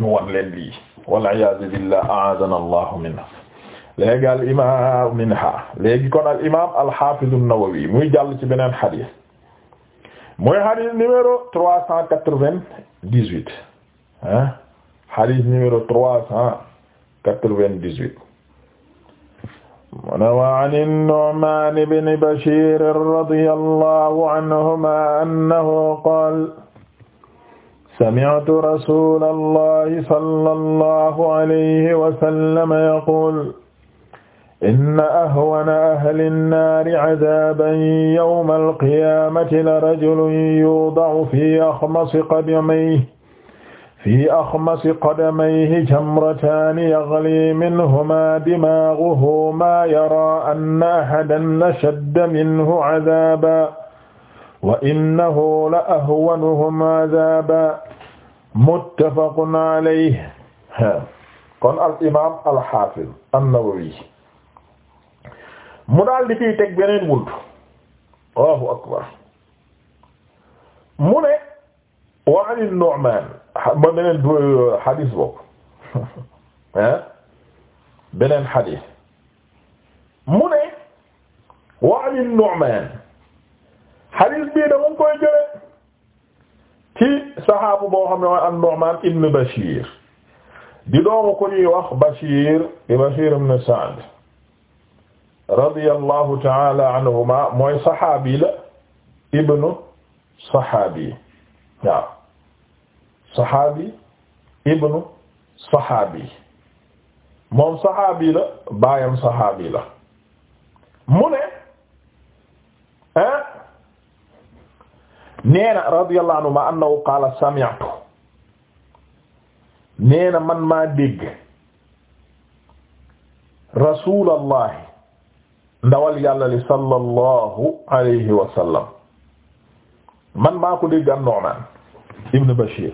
ñu wan leen lii waliyasu billah aadana allahu minha léegi al imam minha léegi kon al imam alhafizu an-Nawawi muy jàll ci beneen xadis mooy xadis numéro trois cent quatre-vingt-dix-huit ah xadis numéro trois cent quatre-vingt-dix-huit mu ne wa an an-Nu'man ibn Bashir radiyallahu anhuma annahu qala sami'tu rasulallahi sallallahu alayhi wa sallam yaqul inna ahwana ahli nnaari cadaaban yawma alqiyaamati la rajulun yuudacu fi axmasi qadamayhi fi axmasi qadamayhi jamrataani yaglii minhumaa dimaaguhu maa yaraa anna ahadan ashadda minhu cadaaban wa innahu la ahwanuhum cadaaban muttafaqun alayhi kon al imaam al xaafiz an-Nawawi mu daal di ciy teg beneen wuntu Allahu akbar mu ne wa an an-Nu'man ba beneen xadis boobu ah eh? beneen xadis mu ne wa an an-Nu'man xadis bii da mu koy jëlee ci saxaabu boo xam ne mooy an-Nu'man ibn Bashir di doomu ku ñuy wax Bashir di Bashir ibn Sa'd radiyallahu ta'ala anhuma mooy saxaabi la ibnu saxaabi waaw saxaabi ibnu saxaabi moom saxaabi la baayam saxaabi la mu ne ah nee na radiyallahu anhu ma annahu qaala sami'tu nee na man maa dégg rasulullah ndawal yàlla li sallallahu alayhi wa sallam man maa ko dégg an-Nu'man ibn Bashir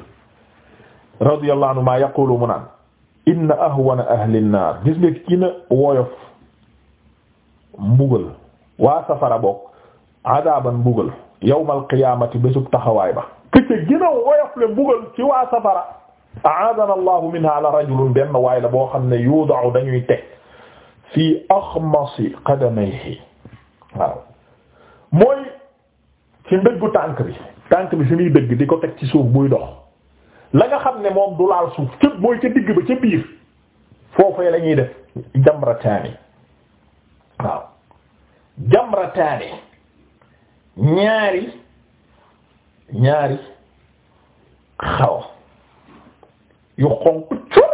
radiyallahu anhu ma yaqulu mu naan inna ahwana ahli an-nar gis nga ki na woyof mbugal waa safara bokk adaban mbugal yawmal qiyaamati bésub taxawaay ba ke ca gëna woyof le mbugal ci waa safara a'aadana allahu minha la rajulun benn waay la boo xam ne yuudahu dañuy teg fii axmasi qadamayhi waaw mooy ci ndëggu tànk bi si bi fi dëgg di ko teg ci suuf buy dox la nga xam ne moom du laal suuf cëp mooy ca digg ba ca biir foofee la ñuy def jamrataani waaw ñaari ñaari xaw yu xonq cur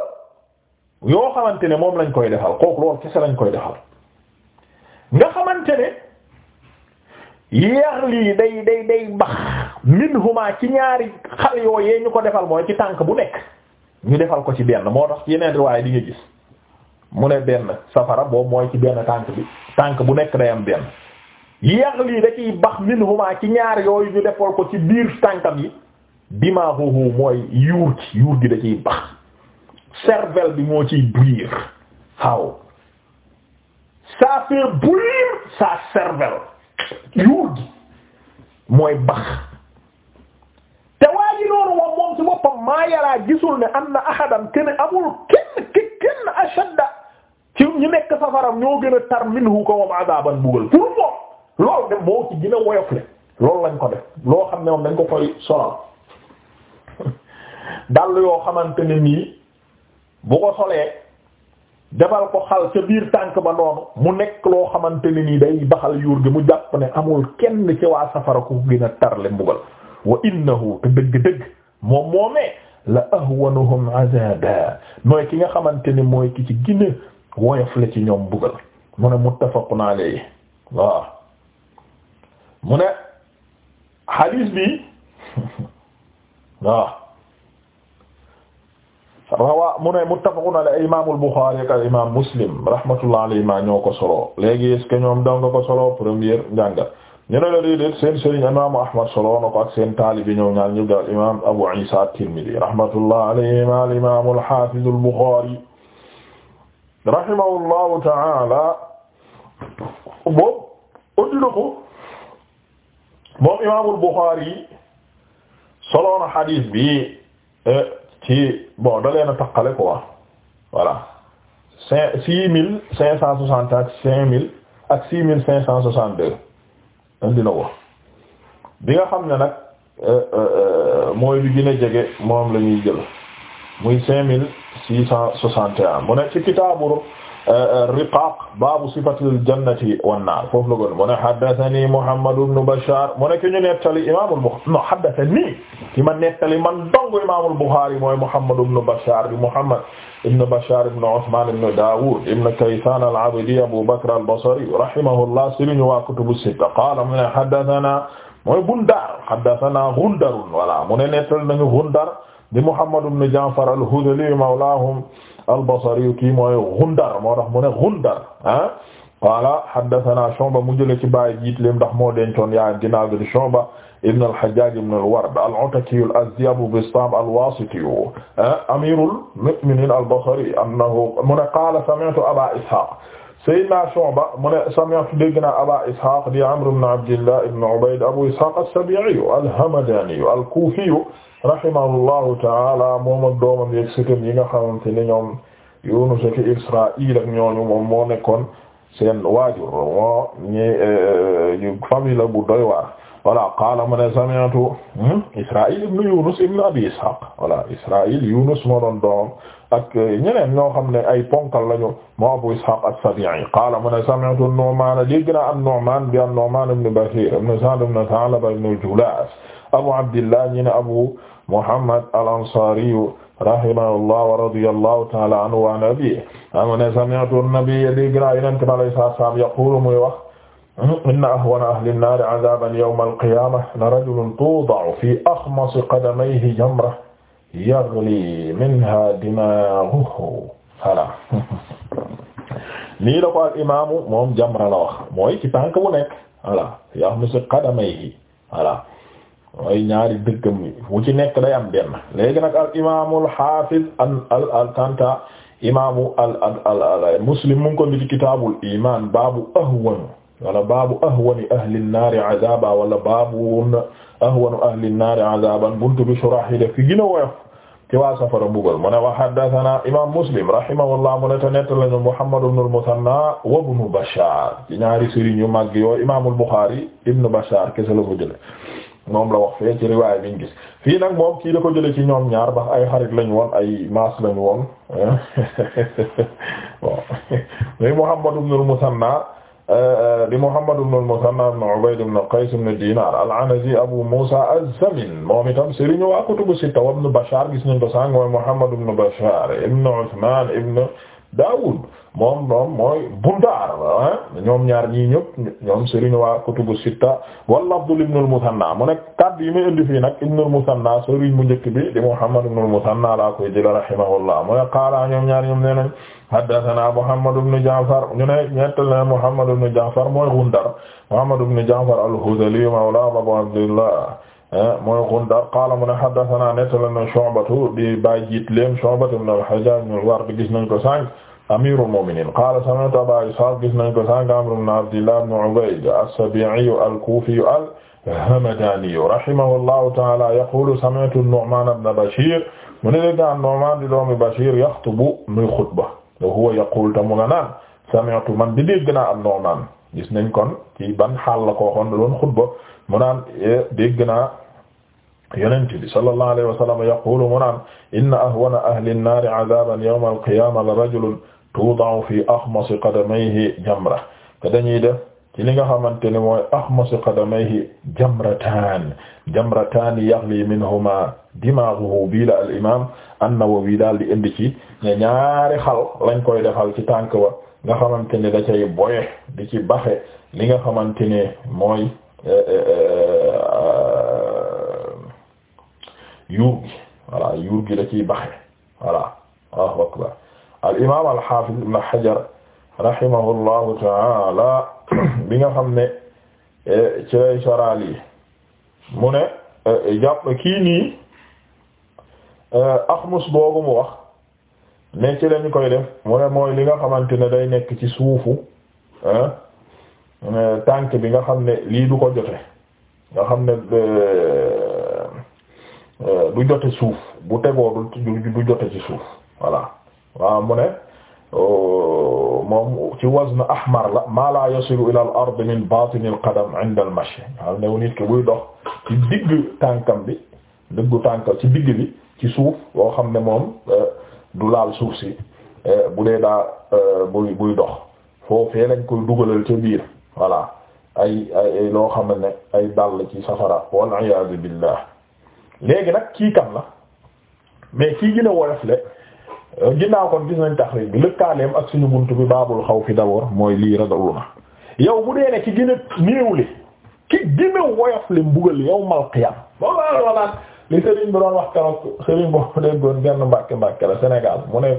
yoo xamante ne moom lañ koy defal kooku loolu kese lañ koy defal nga xamante ne yéex lii day day day bax minhuma ci ñaari xal yoo yee ñu ko defal mooy ci tànk bu nekk ñu defal ko ci benn moo tax yeneen riwaay di nga gis mu ne benn safara boobu mooy ci benn tànk bi tànk bu nekk day am benn yaxli da ciy bax minhuma ci ñaar yooyu ñu defool ko ci biir tànkam yi bima huhu mooy yuur ci yuur gi da ciy bax cervelle bi moo ciy bouillir waaw ça fait bouillir sa yuur gi mooy bax te waa ji moom moom ci maa yaraa gisul ne am na axadam kenn amul kenn kenn ashadda ci ñu nekk safaram ñoo gën a tar minhu ko moom adaban bugal pour moom loolu de boo ci gën a woyof lañ ko def loo xam ne moom dañ ko koy solal dàll yoo xamante ne nii bu ko solee defal ko xal ca biir tànk ba noonu mu nekk loo xamante ne nii day baxal yuur gi mu jàpp ne amul kenn ci waa safara ku gën a tarle mbugal wa innahu te dëgg-dëgg moom moomee la ahwanuhum azaba mooy ki nga xamante ne mooy ki ci gën a ci ñoom mbugal mu ne muttafaqun alayhi waaw mu ne hadis bi waaw rawaa mu ne muttafaqun alayhi imaamul Buxaari ak imaam Muslim rahmatullah alayhima ñoo ko solo léegi est-ce que ñoom da nga ko solo première njàngat ñu ne la déedéet seen sëriñ imaamu Ahmad solo na ko ak seen taalibi ñëw ñaar ñu daal imaam Abu Isa at-Tirmidhi rahmatullah alayhima al-imaamul haafizul Buxaari rahimahullahu ta'ala boobu uddi na ko moom imaamul Buxaari solo na xadiis bi eh, ci bon da leen a taqale quoi voilà cinq six mille cinq cent soixante ak cinq mille ak six mille cinq cent soixante deux indi ko bi nga xam ne nag eh, eh, mooy bi gën a jege moom la ñuy jël muy cinq mille six cent soixante et un mu ci kitaabu riqaaq baabu sifatil jannati wan naar foofu la gën mu ne haddathani Muhammad ibn Bashar mu ne ki ñu nettali imaamul Buxaari non haddathani ki ma nettali man dong imaamul Buxaari mooy Muhammad ibn Bashar bi Muhammad ibn Bashar ibn Usmaan ibn Daawuud ibn Kaysaan al-Abdi Abu Bakr al-Basri rahimahullah sëriñ waa kutubu sitta qaala mu ne haddathana mooy Bundar haddathana Gundar voilà mu ne nettali nañu Gundar di Muhammad ibn Ja'far al-Hudhali mawlaahum al-Basri kii mooy Gundar moo tax mu ne Gundar ah qaala haddathana Shu'ba mu jëlee ci baay jiit lim ndax moo dencoon yaa ginnaaw bi Shu'ba ibn al-Hajjaj ibn al-Ward al-Ataki al-Azdi Abu Bistam al-Wasiti amirul mu'minin al-Basri annahu mu ne qaala sami'tu Aba Ishaq Seydina Shu'ba mu ne sami'tu dégg naa Aba Ishaq di Amr ibn Abdillah ibn Ubayd Abu Ishaq as-Sabi'i al-Hamadani al-Kufi rahimahullahu ta'ala moom ak doomam yeeg sëtam yi nga xamante ne ñoom Yunus ak Israa'il ak ñooñu moom moo nekkoon seen waajur moo ñi eh, famille la bu doy waar voilà qaala mu ne sami'tu hmm, Israa'il ibn Yunus ibn Abi Ishaq voilà Israa'il Yunus moo doon doom ak ñeneen ñoo xam ne ay ponkal lañu moo Abu Ishaq as-Sabi'i qaala mu ne sami'tu an-Nu'man dégg naa an-Nu'man bi an-Nu'man ibn Bashir ibn Sa'd ibn Tha'laba ibn al-Julas Abu Abdillah ñi ne Abu Muhammad al-Ansari rahimahullah wa radiyallahu ta'ala anhu wa an abihi ah, mu ne sami'tu an-nabiyya dégg naa Yonent bi alayhi salaam yaqulu muy wax inna ahwana ahli an-nar 'adhaban yawm al-qiyamah la rajulun tuda'u fi akhmas qadamayhi jamra yaghli minha dimaghuhu voilà nii la ko al moom jamra la wax mooy ci bu nekk voilà yahmisu qadamayhi voilà mooy ñaari dëggam yi wu nekk day am benn léegi al imaamu al hafiz al tanta imaamu al al al muslim mu ngi ko ndi ci kitaabul iman baabu ahwan wala baabu ahwani ahli an-naar azaaba wala baabu ahwanu ahli naari azaban buntu bi surah yi def ki gën a woyof ci waa safara mbugal mu ne wa haddathana imam muslim rahimahullah mu ne te nett lañu muhammad ibn musanna wa ibn bashar ci ñaari sëriñ yu mag yooyu imam al ibn bashar kese la ko jële moom la wax fee ci riwaay biñ gis fii nag moom kii la ko jële ci ñoom ñaar bax ay xarit lañ woon ay maas lañ woon muy muhammad ibn musanna li Muhammad ibn al-Musanna ibn Ubayd ibn Qays ibn Dinar al Abu Musa az moom itam sëriñu waa kutubu sitta wa ibn Bashar gis nañ ko sànq mooy Muhammad ibn Bashar ibn Uthman Dawud moom mooy Bundar ah, ñoom ñaar ñii ñëpp ñoom sëriñu waa kutubu sitta wala Abdul ibn al-Musanna mu nekk kaddu yi muy indi fii nag ibn al mu njëkk bi di Muhammad ibn al-Musanna koy jëlee rahimahullah mu ne ñoom ñaar ñoom nee haddathana Muhammad ibn Ja'far ñu ne ñettalna Muhammad ibn Ja'far mooy Gundar Muhammad ibn Ja'far al-Hudhali mawla Abu Abdillah eh, mooy Gundar qaala mu ne haddathana nettalana Shu'batu di bày jiitleem Shu'batu ibn al-Hajjaj ibn al-Ward gis nañ ko sànq amirul mu'minin qaala sami'tu Aba Ishaq gis nañ ko sànq Amr ibn Abdillah ibn Ubayd as-Sabi'i al-Kufi al-Hamadani rahimahullahu ta'ala yaqulu sami'tu an-Nu'man ibn Bashir mu ne dégg naa Nu'man di doomi Bashir yaxtubu muy xutba wa huwa yaqul ta mu nga naan sami'tu man di dégg naa am Nu'man gis nañ kon ci ban xaal la ko waxoon da doon xutba mu naan eh, dégg naa yonent bi sallallahu alayhi wa sallam yaqulu mu naan inna ahwana ahli an-naari 'adaaban yawma al-qiyaamati la rajulun tuuda'u fi axmasi qadamayhi jamra te dañuy def ci li nga xamante ne mooy axmasu qadamayhi jamratan jamratan yaghli minhuma dimaaguhu bii la al imam an-Nawawi daal di indi ci ne ñaari xal lañ koy defal ci tànk wa nga xamante ne da cay boye di ci baxe li nga xamante ne mooy eh, eh, eh, yuur gi voilà yuur gi da ciy baxe voilà Allahu akbar al imam al hafiz ibn Hajar rahimahullahu ta'ala bi nga xam ne e, ci lay soraal yi mu ne e, e, jàpp kii nii axmus boobu mu wax ne ci lañ koy def mu ne mooy li nga xamante ne day nekk ci suufu tànk bi nga xam ne lii du ko jote nga xam ne du jote suuf bu tegoo du du jote ci suuf voilà waaw mu ne Euh, moom ci wazn ahmar ma la yasilu ila al ard min batin al qadam inda al mashi waaw new nit ki buy dox ci digg tànkam bi diggu tànkam ci digg bi ci suuf loo xam ne moom euh, du laal suuf si euh, bu dee daa buy buy dox foofee lañ koy dugalal ca biir voilà ay ay loo xam ne ay dalla ci safara wal iyaazu billah léegi nag kii kam la mais kii gën a woyof le ginnaaw kon gis nañ taxriij bi lëkkaaleem ak suñu bunt bi baabul xaw fi d'abord mooy lii ragalu na yow bu dee ne ki gën a ki gën woyof li mbugal yawmal qiyaam moom laa la naan li sëriñ bi doon wax keroog sëriñ boobu déggoon benn mbàkke mbàkke la Sénégal mu ne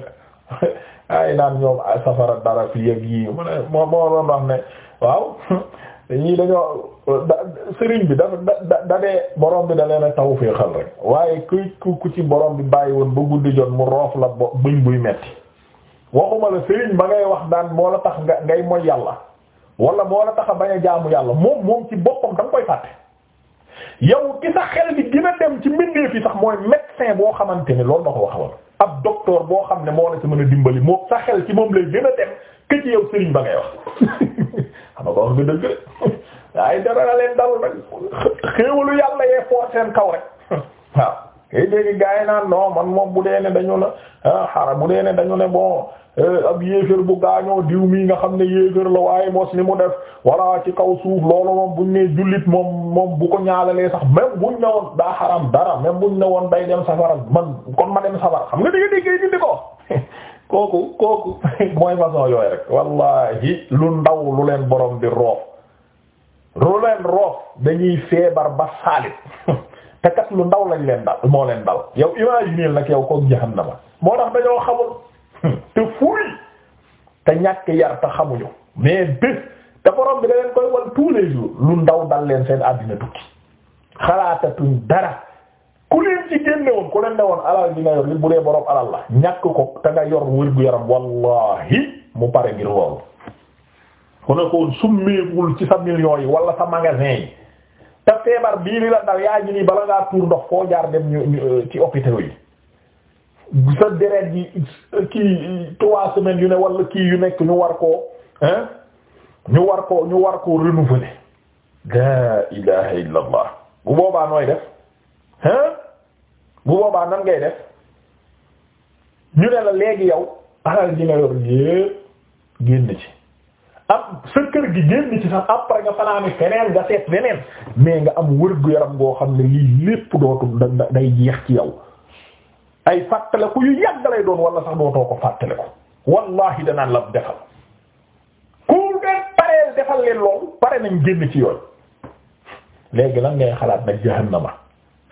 ay naan ñoom safara dara fi yëg yi mu ne moo moo doon wax ne waaw ñii dañoo sëriñ bi dafa da da dee borom bi da leen a tawfeexal rek waaye ku ku ci borom bi bàyyi woon ba guddi jot mu roof la bo buñ buy metti waxuma la sëriñ ba ngay wax daan moo la tax nga ngay moy yàlla wala moo la tax a bañ a jaamu yàlla moom moom ci boppam da koy fàtte. yow ki sa xel bi dina dem ci mbindeef yi sax mooy médecin boo xamante ni loolu da ko wax woon ab docteur boo xam ne moo la ci mën a dimbali moo sa xel ci moom lay a yow xam nga ko wax nga dëgg rek waaye dara na leen dalul rek xéewalu yàlla yee foo seen kaw rek waaw kay dégg gaa yi naan non man moom bu dee ne dañu ne ah, xara bu dee ne dañu ne bon eh, ab yéefér bu gaañoo diw mii nga xam ne yéefér la waaye mos ni mu def walla ci kaw suuf loolu moom buñ ne jullit moom moom bu ko ñaalalee sax même buñ ne woon daa xaram dara même buñ ne woon bay dem safara man kon ma dem safara xam nga dégg dégg di ko kooku kooku mooy façon yooyu rek wallahi lu ndaw lu leen borom bi roof lu leen roof dañuy feebar ba saalit te kat lu ndaw lañ leen dal moo leen dal yow imagineel nag yow kook jahannama moo tax dañoo xamul te fuuy te ñàkk yar te xamuñu mais bés te borom bi da koy wal tous les lu ndaw dal leen seen àddina tukki xalaatatuñ dara ku leen ci génne ku leen ne woon alal bi nga yor li bu dee borom alal la ñàkk ko te nga yor wér gu yaram wallahi mu pare ngir loolu ku ne ko summeekul ci sa millions yi wala sa magasin yi te feebar bii li la dal yaa ngi nii bala ngaa tuur ndox foo jaar dem ñu euh, ci hôpitaux yi sa deret yi kii trois yu ne wala kii yu nekk ñu war ko hein ñu war ko ñu war koo renouveler la ilaha illa allah bu boobaa nooy def hein bu boobaa nan ngay def ñu ne la léegi yow alal ji nga yor yépp génn ci ab sa kër gi génn ci sax après nga fanaani feneen nga seet feneen mais nga am wërgu yaram goo xam ne lii lépp dootul day jeex ci yow ay fàttaliku yu yàgg lay doon wala sax dootoo ko fàttaliku wallahi danaan la defal ku dee pareel defal leen loolu pare nañ génn ci yoon léegi lan ngay xalaat nag jahannama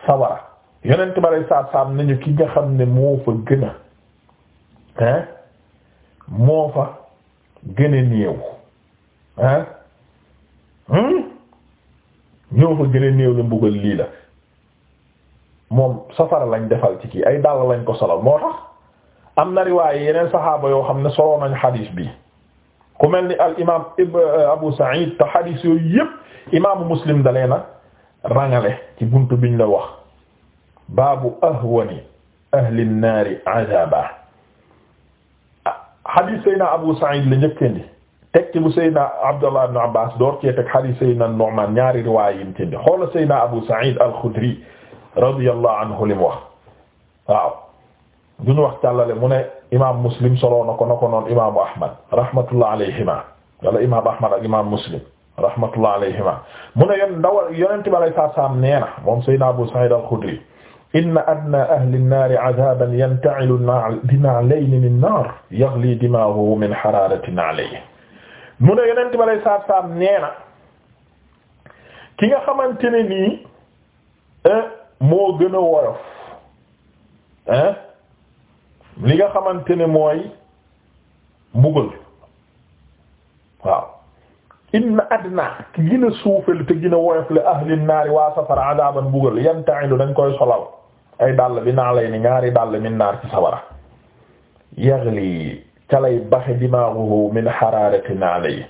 sawara yonent ba lay saab saab nañu ki nga xam ne moo fa gën a hein moo fa gën a néew hein hmm, ñoo fa gën la mbugal lii la moom safara lañ defal ci kii ay dàll lañ ko solal moo tax am na riwaaye yeneen saxaaba yoo xam ne soloo nañ xadiis bi ku mel ni al imaam euh, Abu Sa'id te xadiis yooyu yépp imaamu Muslim da leena rangale ci buntu biñ la wax baabu ahwani ahli nnaari azaba hadith Seydina Abu Sa'id la njëkkandi teg ci bu Seydina Abdullah ibn Abbas door cee teg hadith Seydina Nu'man ñaari riwaay yi mu tëdd xoolal Seydina Abu Sa'id al-Khudri radiyallahu anhu li mu wax waaw duñu wax càllale mu ne imaam Muslim soloo na ko na ko noon imaamu Ahmad rahmatullah alayhima wala imaam Ahmad ak imaam Muslim rahmatullah alayhima mu ne yéen ndawal yonent bi alayhi salaam nee na moom Seydina Abu Sa'id al-Khudri inna adnaa ahli nnaari azaaban yanta'ilu dinaalayni min naar yaghli dimaaghuhu min haraarati naalayhi mu ne yonent bi alayhi salaatu salaam nee na ki nga xamante ne nii eh, moo gën a woyof ah li nga xamante ne mooy mbugal waaw inna adna ki gën a suufel te gën a woyof le ahli naari waa safara adaban mbugal yanta'ilu dañ koy solal ay dàll bi naa lay ni ñaari dàll min naar ci sawara yaxli ca lay baxe dimaaruhu min xaraarati naa lay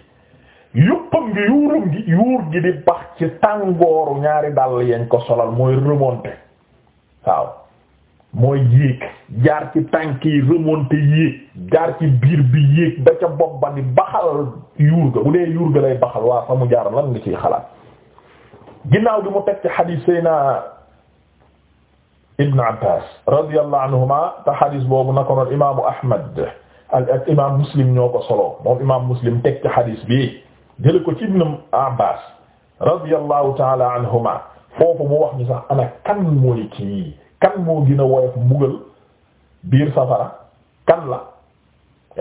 yuppam gi yuurum yuur gi di bax ci tàngooru ñaari dàll yañ ko solal mooy remonter waaw mooy yéeg jaar ci tànk yi remonter yéeg jaar ci biir bi yéeg ba ca bopp di baxal yuur ga bu dee yuur ga lay baxal waa fa mu jaar lan nga ciy xalaat ginnaaw gi mu teg ci xadiis sëy naa Ibn Abbas radiyallahu anhuma te xadis boobu naka noonu imaamu Ahmad ak imaam Muslim ñoo solo moom imaam Muslim teg ci xadis bi jëlee ko ci Ibn Abbas radiyallahu taala anhuma foofu mu wax ni sax ana kan mooy kii kan moo gën a woyof biir safara kan la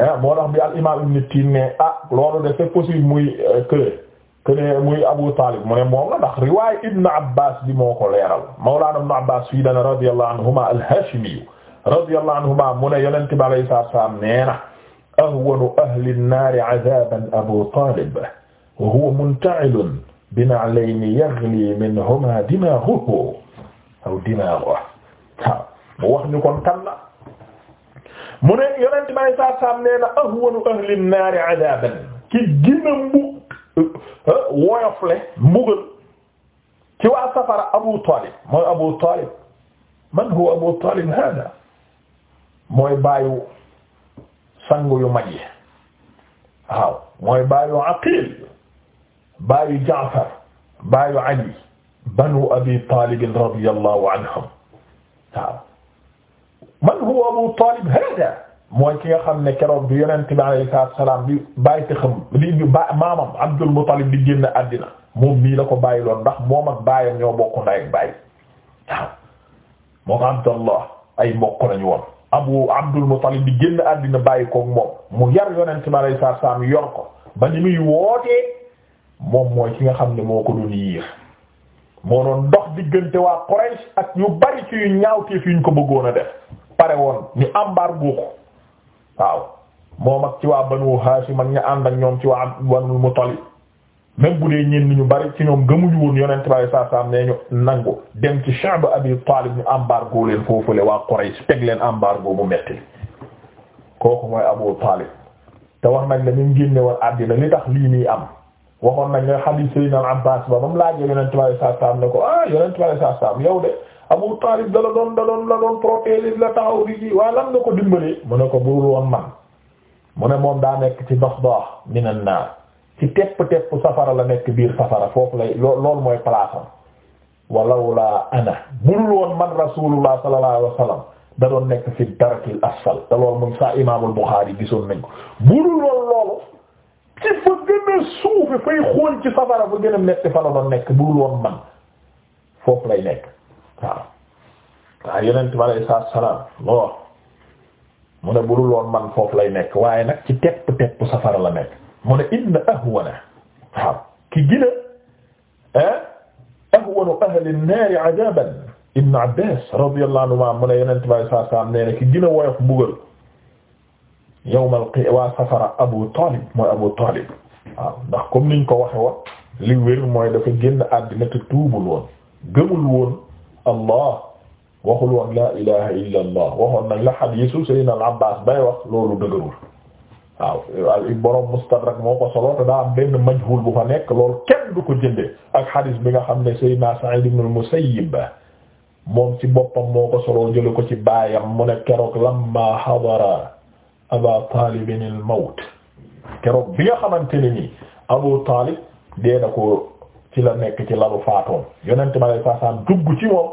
ah moo al imaam Ibn Tin ah loolu de c'est possible muy euh, que. kene muy Abu Talib mu ne moom la ndax riwaay Ibn Abbas bi moo ko leeral Mawlana Ibn Abbas fii dana radiyallahu anhuma al-Hashimi radiyallahu anhuma mu ne yonent bi alayhi salaatu wa salaam nee na ahwanu ahli an-naari azaaban Abu Talib wa huwa munta'ilun bi-na'layni yaghli minhumaa dimaaghuhu aw dimaaguhu waaw mu wax ñu kon kan la mu ne yonent bi alayhi salaatu wa salaam nee na ahwanu ahli an-naari azaaban ki gën a Euh, euh, woyofle mbugal ci waa safara Abu Talib mooy Abu Talib man huwa Abu Talib hada mooy baayu sangu yu mag yi waaw mooy baayu Aqil baayu Jaafar baayu Ali banu Abi Talib radiyallahu anhum waaw man huwa Abu Talib hada mooy ki nga xam ne keroog bi yonent bi alayhi salaam bi bàyyite xam li bi maamam Abdul Muttalib di génn àddina moom mii la ko bàyyi loon ndax moom ak baayam ñoo bokk ndey ak ay mbokk lañu woon Abu Abdul di génn àddina bàyyi koog moom mu yar yonent bi alayhi salaam yor ko ba ni muy wootee moom mooy ki nga xam ne moo ko doon yiir moo doon dox diggante waa Quraysh ak yu bari ci ñaawteef yu ñu ko bëggoon a def pare woon ñu embargo ko waaw moom ak ci waa Banu Haashim mag ña ànd ak ñoom ci waa Banu Muttalib même bu dee ñenn ñu bari ci ñoom gëmuñu woon yonent bi saa saa nee ñu nangu dem ci Sha'b Abi Taalib ñu embargo leen foofule waa Quraysh teg leen embargo bu metti kooku mooy Abu Taalib te wax nañ la ñu génne woon àddina li tax lii nii am waxoon nañ ne hadiis Sayyidina Abbaas ba ba mu laajee yonent bi saa saa ne ko ah yonent bi saa saa yow de. Abu Taalib da la doon da doon la doon protéger la taxaw di ji waaye lan nga ko dimbalee mu ne ko burul woon man mu ne moom daa nekk ci dox dox minan naar ci tepp tepp safara la nekk biir safara foofu lay loolu mooy palaasam walawla ana burul woon man rasulullah sallallahu alaihi wasallam da doon nekk fi darakil asfal te loolu moom saa imaamul Buxaari gisoon nañ ko burul woon loolu ci fa gën a suufi fay xool ci safara fa gën a metti fa la doon nekk burul woon man lay nekk waaw waaw yonent bi alayhi salaatu salaam lool mu ne bu dul woon man foofu lay nekk waaye nag ci tepp tepp safara la nekk mu ne inna ahwana waaw ki gën a ahwanu ahli an-naar 'adaaban Ibn Abbaas radiyallahu anhumaa mu ne yonent bi alayhi salaatu salaam nee na ki gën woyof mbugal yawmal qiyaama waa safara Abu Taalib mooy Abu Taalib waaw ndax comme niñ ko waxe woon li wér mooy dafa génn àddina te tuubul woon gëmul woon allah waxul woon laa ilaha illa allah waxoon nañ la xadiisu sayyidina la abbas bay wax loolu dëgërul waaw al borom mustadrak moo ko solo te daa am benn majhul bu fa nekk loolu kenn du ko jëndee ak xadiis bi nga xam ne sayyidina sa'id ibn al musayyib moom ci boppam moo ko solo ko ci baayam mu ne keroog lamma hadara aba talibin al mawt keroog bi nga abu talib dee ci la nekk ci lalu faatoon yonent ma lay faasaan dugg ci moom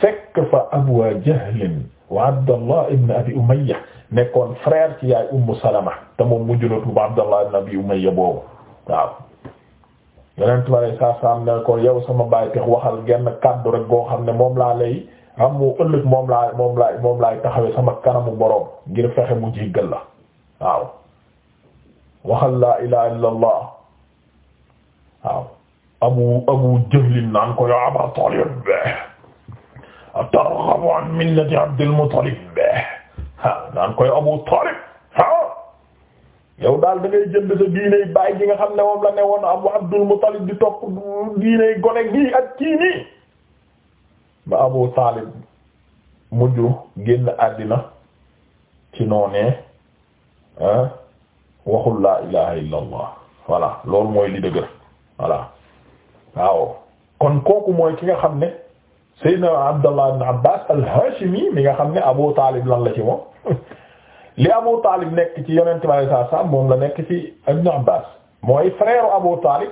fekk fa Abu Jahl wa Abdallah ibn Abi Umayya nekkoon frère ci yaay Ummu Salama te moom mujj na tuub Abdallah ibn Abi Umayya boobu waaw yonent ma lay faasaan ne ko yow sama baay tax waxal genn kàddu rek goo xam ne moom laa lay am ëllëg moom laay moom laay taxawee sama kanamu boroom ngir fexe mu jéggal la waaw waxal laa ilaaha illallaah waaw abu abu jahlin naan ko ya aba talib atarghabu an millati abdil muttalib naan koy abu talib ha daal da ngay jënd sa diiney baay gi nga xam ne moom la ne woon abu abdul muttalib di topp diiney gone gi ak kii nii ba abu talib mujj génn àddina ci noonee waxul laa ilaha illa allah voilà loolu mooy li dëgër voilà waaw kon kooku mooy ki nga xam ne Seydina Abdallah ibn Abbas al mi nga xam ne Abu Talib la ci moom li Abu Talib nekk ci Yonent bi sallallahu moom la nekk ci Ibn Abbas mooy frère Abu Talib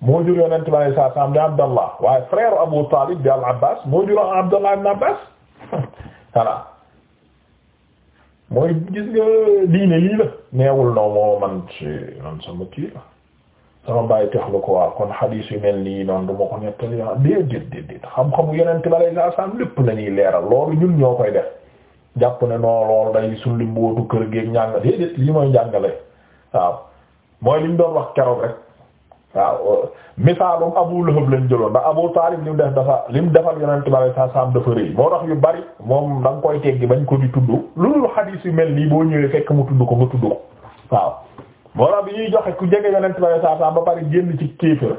moo jur Yonent bi sallallahu alayhi wasallam di Abdallah waaye frère Abu Talib di al-Abbas moo jur Abdallah ibn Abbas voilà mooy gis nga diine lii la neewul noo moo man ci man sama sama bàyyi texlu ko waaw kon xadiis yu mel nii noonu du ma ko nettali ah déedéet déedéet xam-xamu yeneen ba lay saasaam lépp la ñuy leeral loolu ñun ñoo koy def jàpp ne non loolu day li mbootu kër geeg njàng déedéet li mooy njàngale waaw mooy li doon wax keroog rek waaw misaalum Abu Lahab lañ jëloon ndax Abu Taalib li mu def dafa li mu defal yonent ba lay saasaam dafa rëy moo tax yu bari moom da nga koy teggi bañ ko di tudd lu dul xadiis yu nii boo ñëwee fekk mu tudd ko nga moo tax bi ñuy joxe ku jege yonent bi saa saa ba bari génn ci kéefër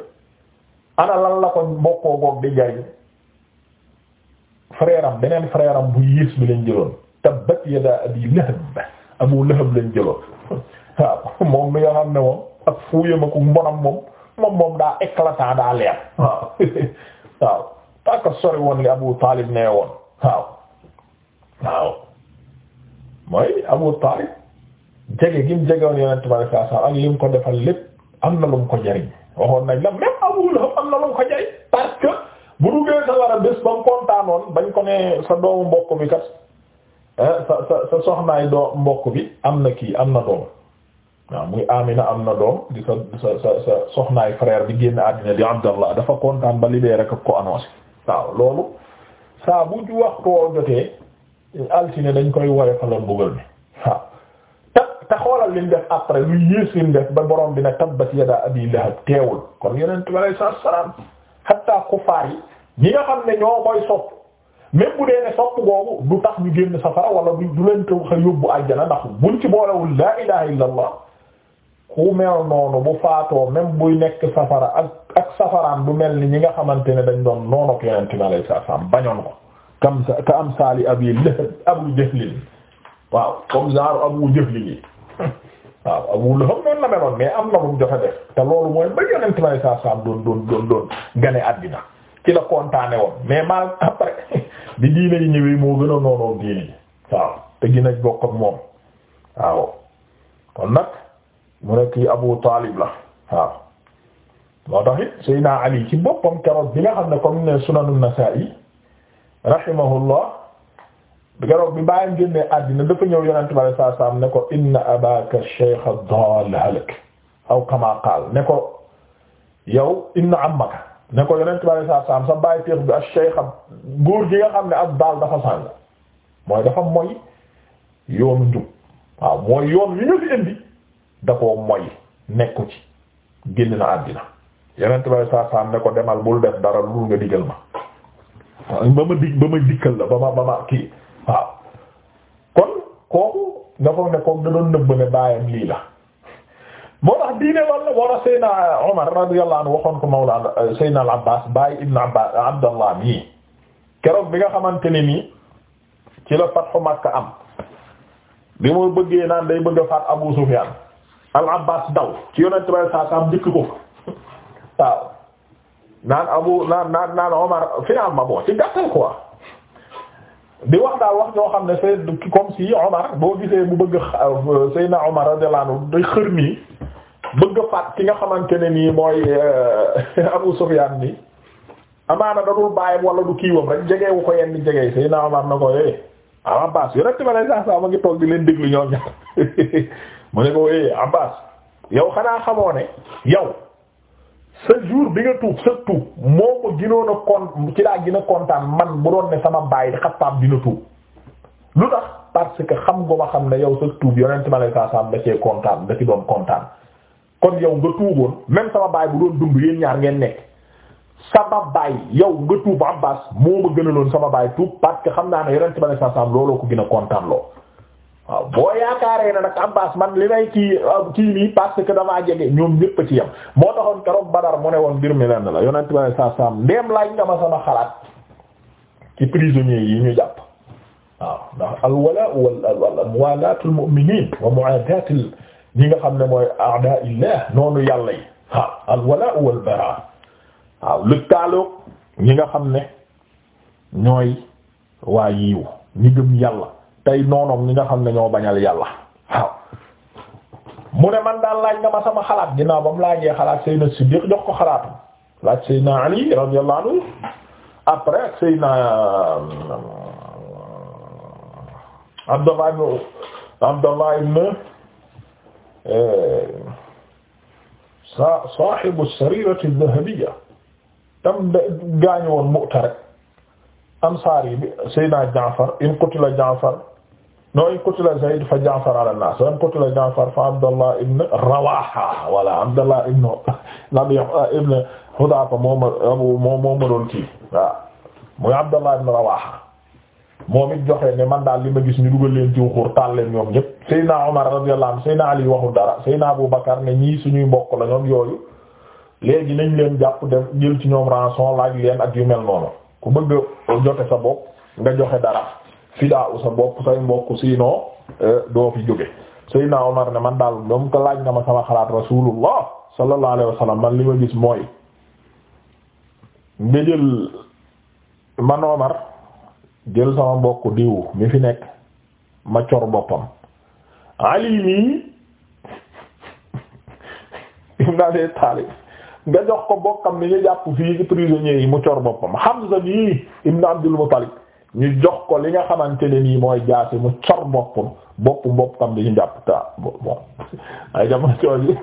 ana lan la ko bokkoo boog di jariñ frère beneen frère bu yiis bi lañ jëloon tabbat yadaa abi lahab abu lahab lañ jëloon waaw moom mi nga ne moom ak fuuyam ak mbonam moom moom moom daa éclatant daa leer waaw waaw parce que sori woon li abu taalib nee woon waaw waaw mooy abu taalib jege gi mu jegewoon yonent bi saa saa ak li mu ko defal lépp am na lu mu ko jariñ waxoon nañ la même am na lu mu ko jariñ parce que bu duggee sawara bés ba mu kontaanoon bañ ko ne sa doomu mbokk bi kat eh, sa sa sa soxnaay doo mbokk bi am na kii am na doom waaw muy Amina am na doom di sa sa sa sa soxnaay frère bi génn àddina di Abdallah dafa kontaan ba libee rek ak ko annoncé waaw loolu saa bu ju waxtoo jotee altine dañ koy woye faloon buggal mi te xoolal li mu def après lu yées li mu ba borom bi ne tabbat yada abi lahab teewul kon yonent bi alayhi salaatu wa salaam hatta kufaar yi ñi nga xam ne ñoo koy sopp même bu dee ne sopp googu du tax ñu génn safara wala du du leen tax a yóbbu àjjana ndax buñ ci boolewul laa ilaha illa allah ku mel noonu bu faatoo buy nekk safara ak ak bu mel ni ñi nga xamante ne dañ doon noonu ak yonent bi alayhi salaatu ko kam ka am saali abi lahab abu jahlin waaw comme abu jahlin yi waaw Abu Lahab noonu la meloon mais am na lu mu joxe def te loolu mooy ba yonent bay saa doon doon doon gane àddina ci la kontaane woon mais mal après bi diine yi ñëwee moo gën a noonoo diine yi waaw te gën a bokk moom waaw kon nag mu nekk yi Abu Taalib la waaw moo tax it Ali ci boppam keroog bi nga xam ne comme ne Sunan nasai rahimahullah keroog bi bàyyam génnee àddina dafa ñëw yonent bi sallallahu alayhi wasallam ne ko inna abaka shaykh ad-dall aw kama ne ko yow inna ammaka ne ko yonent bi sallallahu alayhi sa bàyyi téex bi ash-shaykh góor gi nga xam ne ad-dall dafa sàng mooy dafa moy yoonu njub waaw mooy yoon yu ñu fi indi da koo moy nekku ci génn na àddina yonent bi sallallahu alayhi ne ko demal bul def dara lu nga digal ma ba ma dig ba ma dikkal la ba ma ba ma kii waaw kon kooku nga foog ne kooku da doon nëbb ne baayam lii la moo tax diine la moo tax Seydina al Abbas bàyyi Ibn Abbas Abdallah mii keroog bi nga xamante ne nii ci la fatxu Makka am bi mu bëggee naan day bëgg a faat Abu Sufyan al Abbas daw ci yonent bay saa saam njëkk ko waaw naan Abu naan naan naan Omar finalement bon ci gàttal quoi. di wax daal wax ñoo xam ne c'est comme si Omar boo gisee bu bëgg euh, na Omar radiyallahu anhu day xër nii bëgg faat ki nga xamante ne nii mooy euh, Abu Sufyaan nii amaana da dul bàyyam wala du kiiwam rek jegewu yen yenn jege Seydina Omar na ko eh ah, Abbas yonent ma lay sax sax ma ngi toog di leen déglu ñoom ñaar mu ne ko eh Abbas yow xanaa xamoo ne sa jour bi nga tuub sa tuub moo ko gënoon a kon ci laa gën a kontaan man bu doon ne sama baay di Xattaab dina tuub lu tax parce que xam nga ma xam ne yow sa tuub yonent ma lay saa saam da cee kontaan da ci doon kontaan kon yow nga tuuboon même sama baay bu doon dund yéen ñaar ngeen nekk sama baay yow nga tuub Abbaas moo ma gënaloon sama baay tuub parce que xam naa ne yonent ma lay saa saam looloo ko gën a kontaan loo waaw boo yaakaaree na nag Abbas man li may kii kii nii parce que damaa jege ñoom ñépp a ci yam moo taxoon keroog Badar mu ne woon mbir mi lenn la yonent ba saa saam ndeem laaj nga ma sama xalaat ci prisonniers yi ñu jàpp waaw ndax al walaa wal mu'miniin wa mu'aadaatul ñi nga xam ne mooy a'daa illah noonu yàlla yi waaw al wal baraa waaw lëkkaaloog ñi nga xam ne ñooy waa yiiw ñi gëm yàlla tey noonoom ñi nga xam ne ñoo bañal yàlla waaw mu ne man daal laaj nga ma sama xalaat ginnaaw ba mu laajee xalaat Seydina Siddiq jox ko xalaatam laaj Seydina Ali radiyallahu anhu après Seydina euh, Abdallah ibn Abdallah ibn euh, saahibu as-sarirati adh tam gaañu woon Ansaari bi Seydina Jaafar in qutila Jaafar nooy qutila Zayd fa Ja'far ala an-nas wa qutila Ja'far fa Abdallah ibn Rawaha wala Abdallah ibn ibn Hudhafa moom moo moo ma doon kii waaw muy Abdallah ibn Rawaha moom it joxe ne man daal li ma gis ñu dugal leen ci xur taal leen ñoom ñëpp Seydina Omar radiyallahu anhu Seydina Ali waxul dara Seydina Abu Bakar ne ñii suñuy mbokk la ñoom yooyu léegi nañ leen jàpp def jël ci ñoom rançon laaj leen ak yu mel noonu ku bëgg jote sa bopp nga joxe fidaa u sa bopp say mbokk siinoo euh, doo fi jóge Seydina Omar ne man daal moom ko laaj nga ma sama xalaat rasulullah sallallahu alayhi man li ma gis mooy nga jël man Omar jël sama mbokk diw mi fi nekk ma cor boppam Ali nii ibn Abi Talib nga jox ko bokkam ni ñu jàpp fii ci prisonniers yi mu cor boppam Hamza nii ibn Abdul Muttalib ñu jox ko li nga xamante ne nii mooy jaasi mu cor bopp bopp bopp tam di ñu jàpp ta bon ay jamono jooju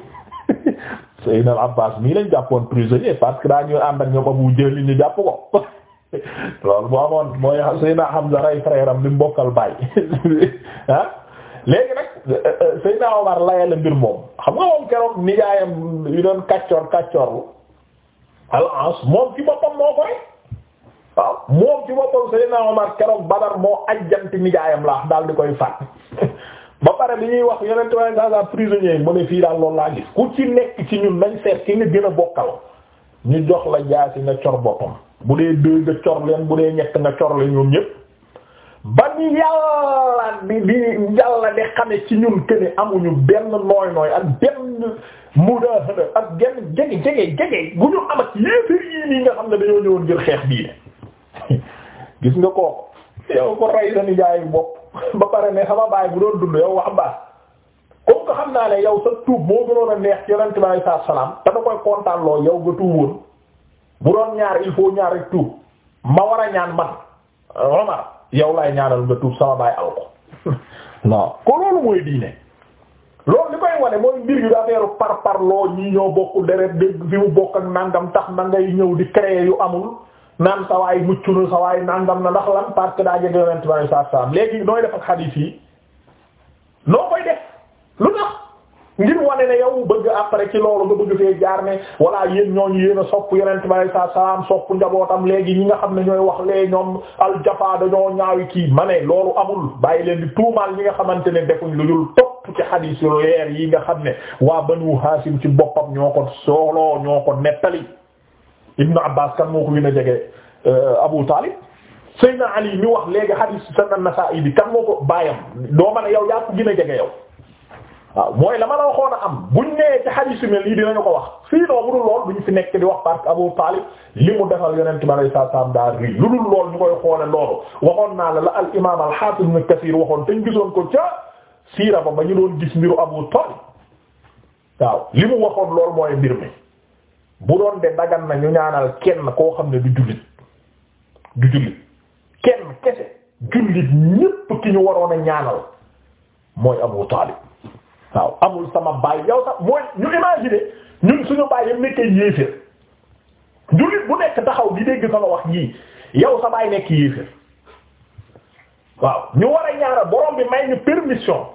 Seydina Abbas jàppoon prisonnier parce que jàpp ko loolu boo amoon mooy Seydina Hamza ah, euh, euh, mbir moom xam nga moom keroog moom ci boppam moo ko rek waaw moom ci boppam Seydina Omar keroog Badar moo ajjanti nijaayam laax daal di koy faat ba pare bi ñuy wax yeneen tubaab yi prisonnier yi mu ne fii daal loolu laa gis ku ci nekk ci ñun nañ seet ki nga gën a bokkal ñu jox la jaasi nga cor boppam bu dee deux nga cor leen bu dee ñett nga cor leen ñoom ñépp ba ni yàlla di di yàlla di xame ci ñun que amuñu benn nooy nooy ak benn mudaahana ak genn jege jege jege bu ñu am ak yéefar yi nii nga xam ne dañoo ñëwoon ngir xeex bii. gis nga kooku yow ko rey sa nijaayu bopp ba pare ne sama baay bu doon dund yow wax baax comme que xam naa ne yow sa tuub moo gënoon a neex yonent bi alayhi salaatu te da koy kontaan loo yow nga tuub woon bu doon ñaar il faut ñaar rek tuub ma war a ñaan man Omar yow laay ñaanal nga tuub sama baay aw ko ko loolu mooy diine loolu li koy wane mooy mbir yu affaire par par loo ñi ñoo bokk deret dégg fi mu bokk ak nangam tax na ngay ñëw di créer yu amul naan sawaay mucc na sawaay nangam na ndax lan parce que daa jege yonent bi saa saa léegi nooy def ak xadiis yi noo koy def lu tax ngir wane ne yow bëgg après ci loolu nga bëgg fee jaar ne walla yéen ñooñu yéen sopp yonent bi saa salaam sopp njabootam léegi ñi nga xam ne ñooy wax lee ñoom aljafa dañoo ñaawi kii ma loolu amul bàyyi leen di tuumaal ñi nga xamante ne defuñ lu dul topp ci xadiis yu leer yi nga xam ne waa Banu Haasim ci bo ñoo ko sooloo ñoo ko nettali. Ibnu Abbas kan moo ko gën a jege euh, Abu Talib Seydina Ali mi wax léegi hadith Sunan Nasa'i bi kan moo ko baayam doo mën a yaa ko gën a jege yow waaw mooy la ma la waxoon a am buñ nee ci hadith yu mel nii ko wax fii noo budul fi nekk di wax parce que Abu Talib li mu defal Yonent bi alayhi salaam daal rii lu dul lool ñu koy xoole loolu waxoon naa la la al imaam al Hafiz Kathir waxoon te ñu gisoon ko ca siira ba ba ñu doon gis mbiru Abu Talib waaw li mu waxoon loolu mooy mbir mi. bu doon de dagan na ñu ñaanal kenn koo xam ne du jullit du jullit kenn kese jullit ñépp ki ñu waroon a ñaanal mooy Abu Taalib waaw amul sama baay yow sax mooy ñu imaginer ñun suñu baay yam nekkee yéeféer jullit bu nekk taxaw di dégg sama wax yii yow sa baay nekk yéeféer waaw ñu war a ñaanal borom bi may ñu permission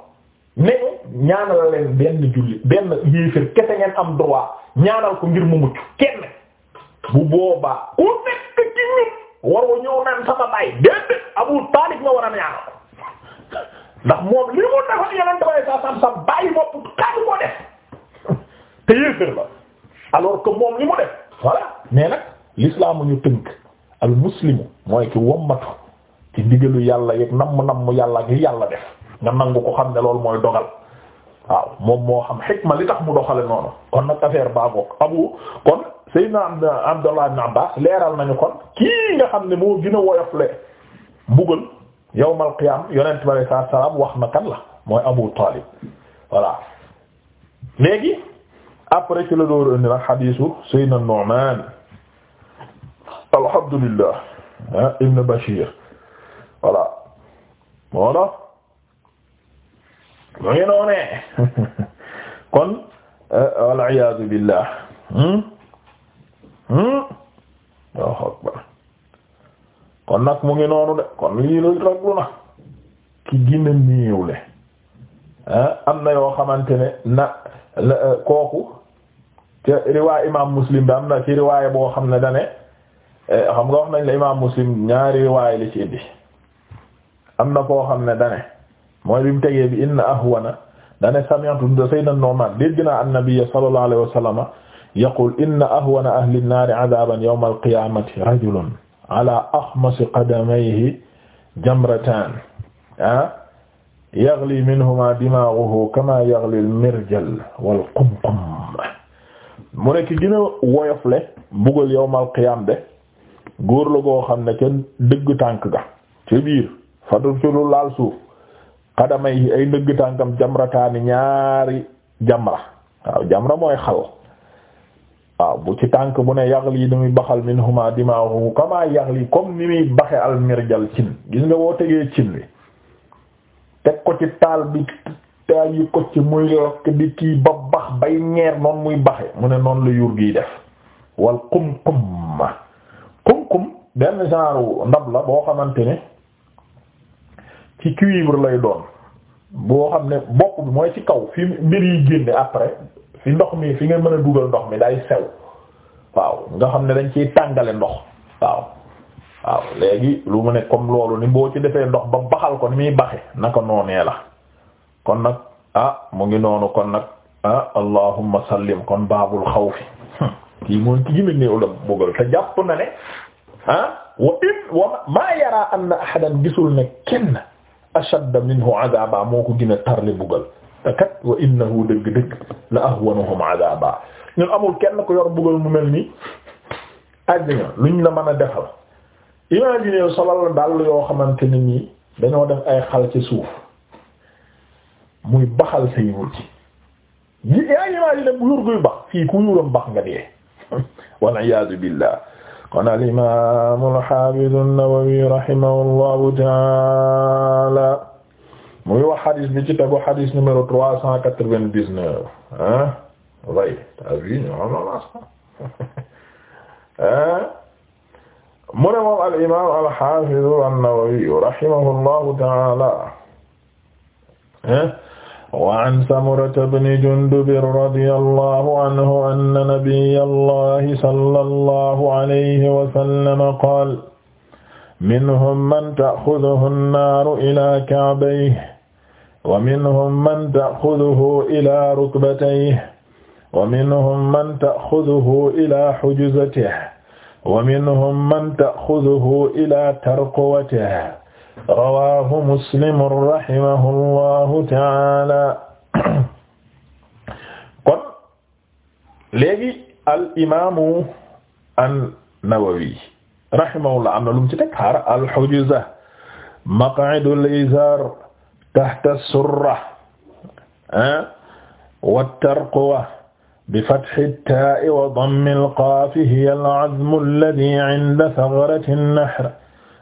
ne ñaanal leen benn julli benn yéeféer kese ngeen am droit ñaanal ko ngir mu mucc kenn bu boobaa ku nekk ci ñun waroo ñëw naan sama baay déedéet Abu Taalib nga war a ñaanal ndax moom li mu defal yeneen dafay sa sam sa bàyyi bopp xaaju def te yéeféer mu def voilà nag l'islam ñu tënk al mooy ki wommatu ci digalu yàlla yeeg namm namm yàlla yàlla def nga nangu ko xam ne loolu mooy dogal waaw moom moo xam xikma li tax mu doxale noonu kon nag affaire baa ngoog abu kon Seydina Abdallah ibn Abbas leeral nañu kon kii nga xam ne moo gën a woyofle mbugal yawmal qiyaam yonent bi alayhi salaam wax na kan la mooy Abu Talib voilà léegi après ci la door indi nag xadiisu Seydina Nu'man alhamdulillah ah, ibn Bashir voilà mu ngi noonee kon eh, wal iyaazu billah hmm? hmm? kon nag mu ngi noonu de kon lii lu raglu na ki gina néewle eh, am na yoo xamante ne na eh, kooku ci riwaay imaam muslim bi am na ci riwaay boo xam ne dane xam nga wax nañ la imaam muslim ñaari riwaay li ci indi am na koo xam ne dane mooy bi mu tegee bi inna ahwana dane sami'tu da sayyidna Nu'man dégg naa an-nabiyya sallallahu alayhi wa sallam yaqul inna ahwana ahli an-nar 'adaban yawm al-qiyamati rajulun ala akhmas qadamayhi jamratan yaghli minhuma dimaghuhu kama yaghli al-mirjal wal qumqum mu nekk gën a woyofle mbugal yawmal qiyaam de góor la goo xam ne kenn dëgg tànk ga ca biir fatu ci lu laal suuf xadamayhi ay ndëgg tànkam jamrataani ñaari jamra waaw jamra mooy xal waaw bu ci tànk bu ne yàgg yi ni muy baxal minhuma dimaahu kamaa yàgg comme ni muy baxe almirjal cin gis nga boo tegee cin li teg ko ci taal bi taal yi ko ci muy lakk kii ba bax bay ñeer noonu muy baxe mu ne noonu la yuur gi def wal qum qum qum qum benn genre ndab la boo xamante ne ci cuivre lay doon boo xam ne bopp bi mooy ci kaw fi mbir yi génne après fi ndox mi fi nga mën a dugal ndox mi day sew waaw nga xam ne dañ ci tàngale ndox waaw waaw léegi lu mu ne comme loolu ni boo ci defee ndox ba baxal ko ni muy baxe naka noonee la kon nag ah mu ngi noonu kon nag ah allahumma sallim kon baabul xawfi kii mooy ki gëna néew la bëggal te jàpp na ne ah wa ma yara anna ahadan gisul ne kenn ashadda minhu azaba moo ko gën a tarle bugal te kat wa dëgg-dëgg la ahwanuhum azaba ñun amul kenn ko yor bugal mu mel nii lu ñu la mën a defal imagine solal daal yoo xamante ne nii dañoo def ay xal ci suuf muy baxal say wut ci yi imagine bu yur guy bax fii ku yuroon bax nga dee wal iyaazu billah kon al-imaam al-haafiz an-Nawawi rahimahullahu ta'aala muy wax xadis bi ci tegu xadis numéro trois cent quatre-vingt-dix-neuf hein way t'as vu ñu am la hein mu ne moom al-imaam al-haafiz an-Nawawi rahimahullahu ta'aala hein وعن سمرة بن جندب رضي الله عنه أن نبي الله صلى الله عليه وسلم قال منهم من تأخذه النار إلى كعبيه ومنهم من تأخذه إلى ركبتيه ومنهم من تأخذه إلى حجزته ومنهم من تأخذه إلى ترقوته rawaahu muslim rahimahullahu taala kon léegi al imaamu an-Nawawi rahimahullah am na lu mu ci teg xaar al-hujuza maq'idul izar tahta as-surra wat-tarquwa بفتح التاء وضم القاف هي العظم الذي عند ثغرة النحر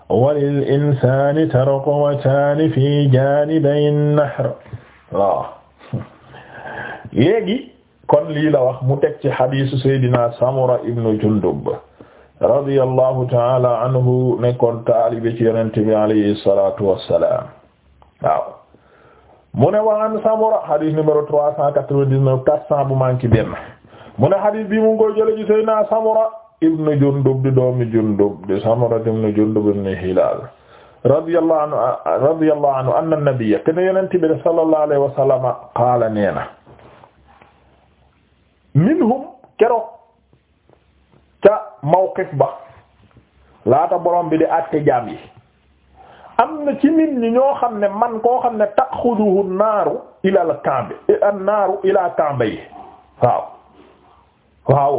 walil insaani tarqawataani fi jaanibayi nahr waaw léegi kon lii la wax mu teg ci hadiisu Seydina Samura ibnu Jundub radiyallahu taala anhu nekkoon taalibe ci Yonent bi alayhi salaatu wassalaam waaw mu ne waan Samura hadiis numéro trois cent quatre-vingt-dix-neuf quatre cent bu manqué benn mu ne hadiis bi mu ngi koy jële ci Seydina Samura ibn Jundub di doomi Jundub di Samura ibn Jundub ibn Hilal radiyallahu anhu radiyallahu anhu anna nabiyya kana yonent bi sallallahu alayhi wa sallam qaala neena minhum keroog ca mawqif ba laata borom bi di àtte jaam yi am na ci nit ñi ñoo xam ne man koo xam ne taxuduhu naaru ilal kambe an naaru ilaa kambe yi waaw waaw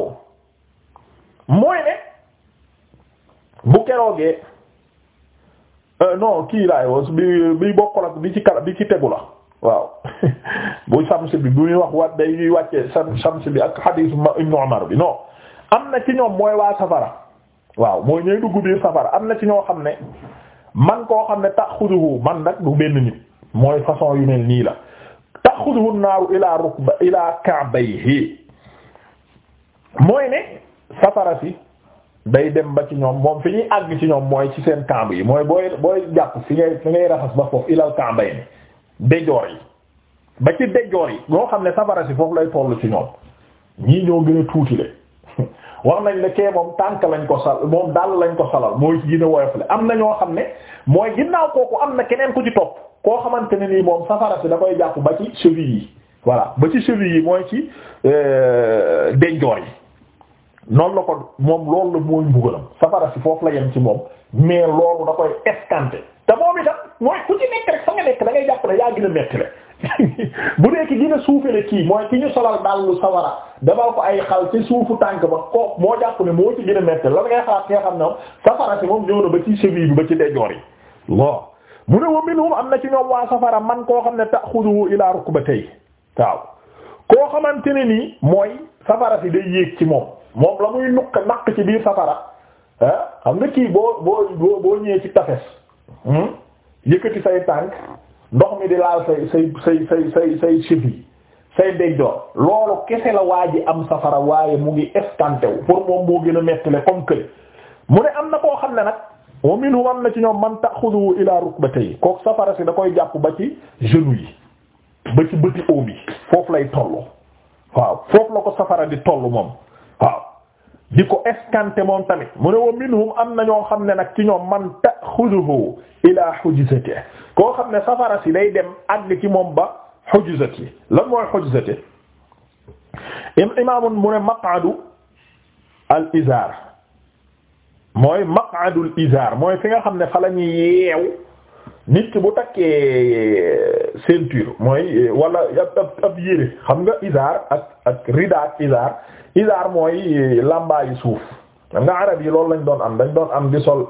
mooy ne bu keroogee euh, non kii lay was bi bi bokkul bi ci kala bi ci tegu la waaw bu samsi bi bu muy wax wat day ñuy wàcce samsi bi ak xadiis Ibnu Umar bi non am na ci ñoom mooy waa safara waaw mooy ñooy dugg biir safara am na ci ñoo xam ne man koo xam ne taxuduhu man nag du benn nit mooy façon yu mel nii la taxuduhu naaru ilaa rukba ilaa ka'bayhi mooy ne safara si day dem ba ci ñoom moom fi ñuy àgg ci ñoom mooy ci seen kàmb yi mooy booy booy jàpp fi ngay fi ngay raxas ba foofu ilal kàmba yi ni déjoor yi ba ci déjoor yi ñoo xam ne safara si foofu lay tollu ci ñoom ñii ñoo gën a tuutile wax nañ ne kee moom tànk lañ ko sal moom daal lañ ko salal mooy ci gën a woyof la am na ñoo xam ne mooy ginnaaw kooku am na keneen ku ci topp koo xamante ne nii moom safara si da koy jàpp ba ci cheville yi voilà yi mooy ci euh, déjoor noonu la ko moom loolu la mooy mbugalam safara si foofu la yem ci moom mais loolu da koy escanté te moom itam mooy ku ci nekk rek fa nga nekk da ngay jàpp ne yaa gën a bu dee ki gën a suufale kii mooy ki ñu solal dàllu sawara damal ko ay xal ci suufu tànk ba koo moo jàpp ne moo ci gën a la ngay xalaat ki xam ne safara si moom ñëw na ba ci cheville bi ba ci dejoor yi waaw mu ne wa minhum am na ci ñoom waa safara man koo xam ne ta'xuduhu ila rukbatayhi waaw koo xamante ne nii mooy safara si day ci moom moom la muy nukk naq ci biir safara ah, xam nga kii boo boo boo ñëwee ci tafes hmm, yëkkati say tànk ndox mi di laal say say say say say say cheville loolu kese la waa ji am safara waaye mu ngi escanté wu pour moom moo gën a mettile comme que mu ne am na koo xam ne nag wa minhu ci ñoom man ta'khudhu ila rukbatayhi kooku safara si da koy jàpp ba ci genou yi ba ci bëti óom yi foofu lay tollu waaw foofu la ko safara di tollu moom di ko escanté moom tamit mu ne wa minhum am na ñoo xam ne nag ci ñoom man ta'xuduhu ila hujzati koo xam ne safara si day dem àgg ci moom ba hujzati lan mooy hujzati imaamun mu ne maq'adu al mooy maq'adul izar mooy fi nga xam ne fa la ñuy yeew nit ki bu takkee euh, ceinture mooy euh, wala ab ab yére xam nga isaar ak ak rida ak isaar isaar mooy euh, làmbaayu suuf xam nga arab yi loolu lañ doon am dañ doon am di sol